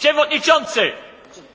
przewodniczący!